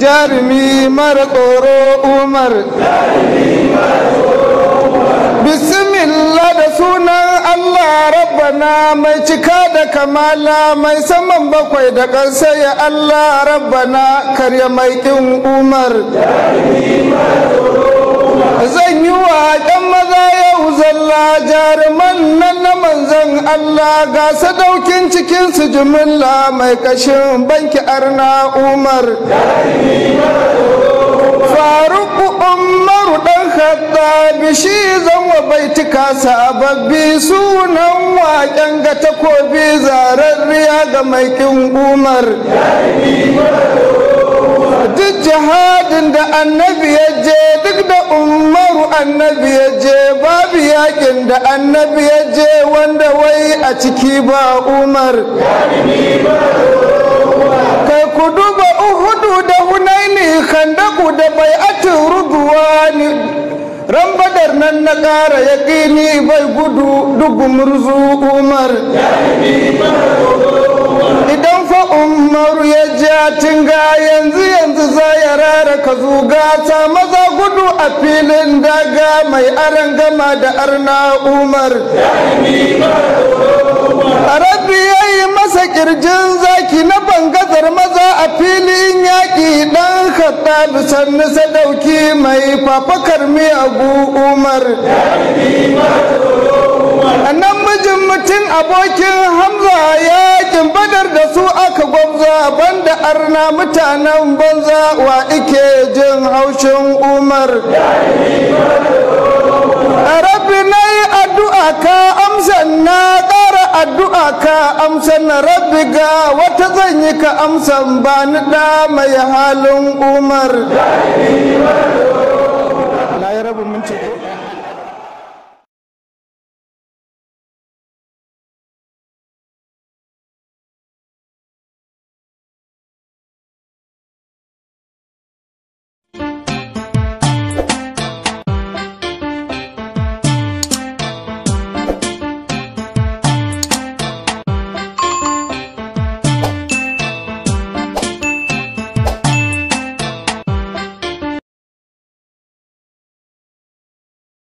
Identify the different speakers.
Speaker 1: jarumi mara tsoro umar bismillah da sunan allah rabbana mai cika da kamala mai saman bakwai da kansa ya allah rabbana karya mai ƙin umar zan yi ga sadaukin cikin su jimilla mai kashin banki arna umar faruku umaru dan hatta shi zan wa baitika sababbi sunan waken ga takobi zararriya ga mai kin umar duk jihadin da annabi ya je duk da umar annabi ya je babu yakin da annabi ya je wanda wai a ciki ba umar kai ku duba uhudu da hunaini ku da bai'atin ruduwani ran badar nan na ƙara ya gini bai gudu dubu murzu umar idan fa umaru ya ja tinga yara ka zuga ta maza gudu a filin daga mai aran gama da arna umar rabbi ya yi masa kirjin zaki na bangazar maza a filin yaƙi ɗan haɗa bisan nisa ɗauki mai fafakar miyagu umar a nan mijin mutum abokin hamza ya badar da su aka banza banda arna mutanen banza wa ike jin haushin umar rabbi na yi addu'a ka amsan na ƙara addu'a ka amsan na rabbi ga wata zanyi ka amsan ba ni da mai halin umar